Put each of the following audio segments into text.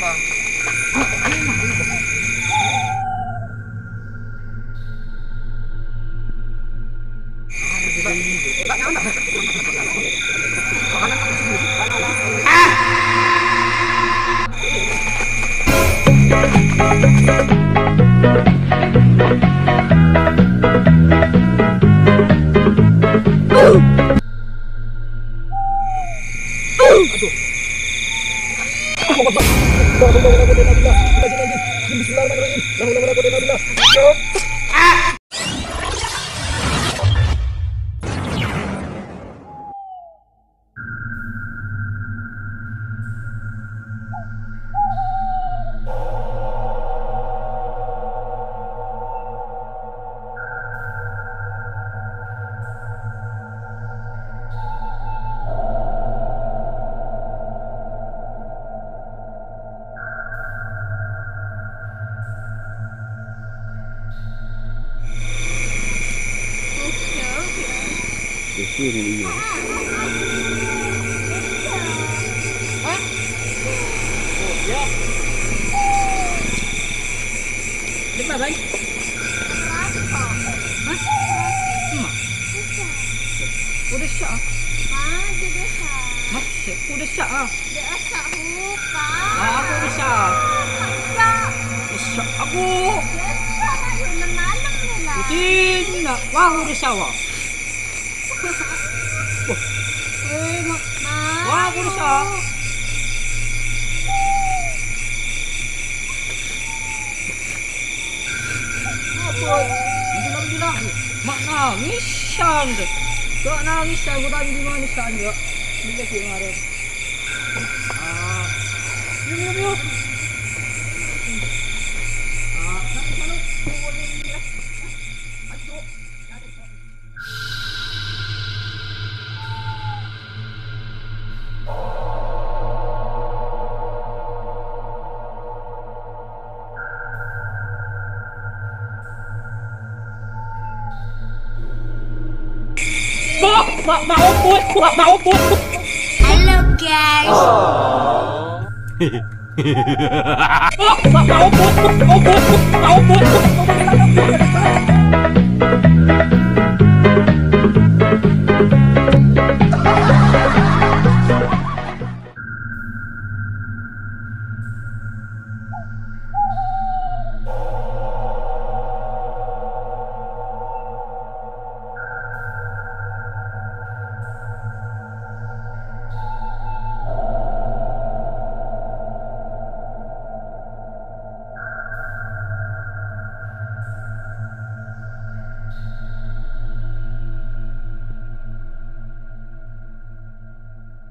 Опа. Ah! sini iya Lepas Mak? Udah syak? Mak, Mak, lah. Wah, aku dah わあこれさ Mak nangisan deh. Gak nangis aku tadi di mana sana ya? Ini lagi Ah, ini maupun kuat maupun hello guys oh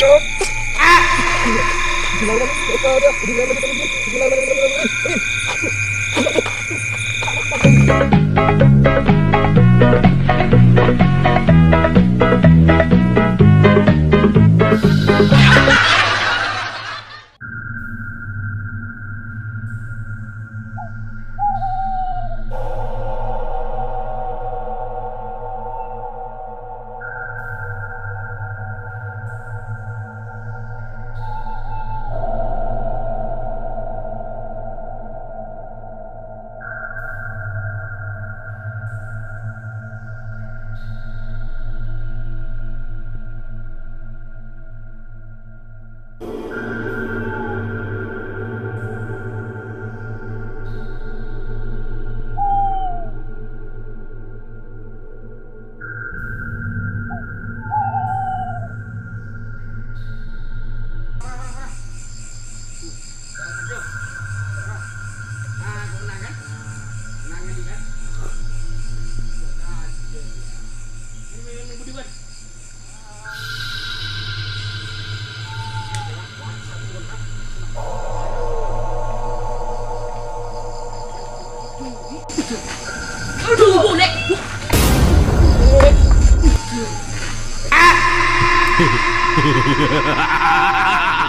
Ah.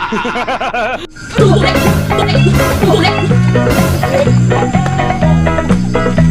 哈哈哈哈哈哈！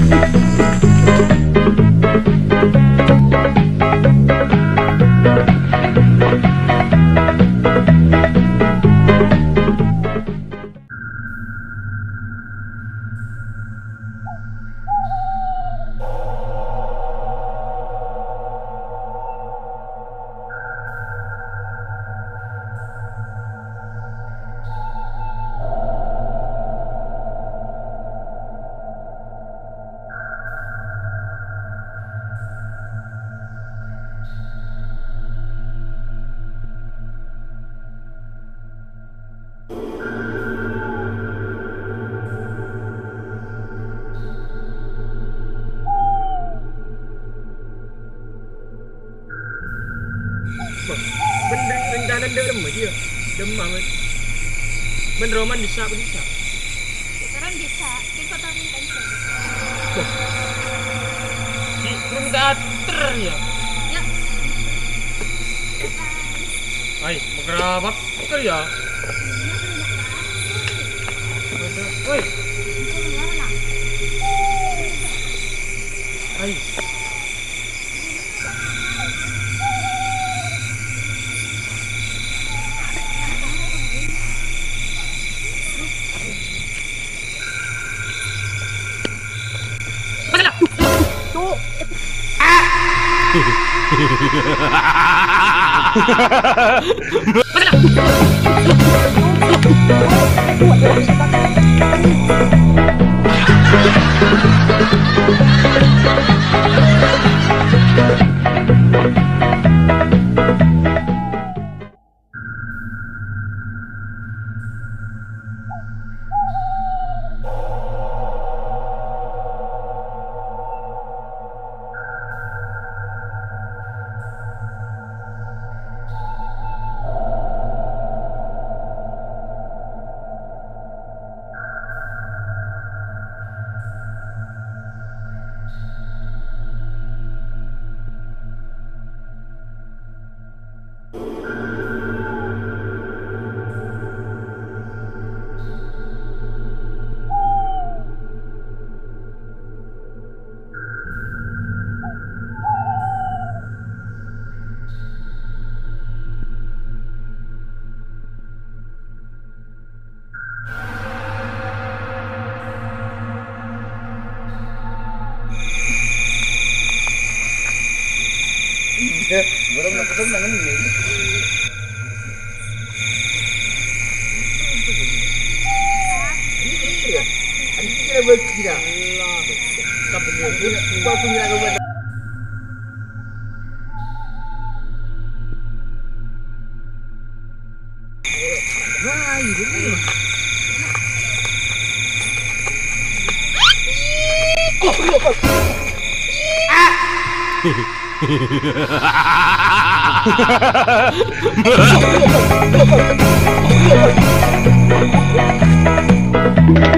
demam ben bisa apa bisa Sekarang bisa kan di kota minta bisa di belum ya ya Hai, mau gerabak ya? Woi. Hai. Hahaha. 이제 물없는 것은 나는 얘기. Anjir gue kira. Allah. Tak punya. Gua punya gua. Wah, ini. Ah. Thank you.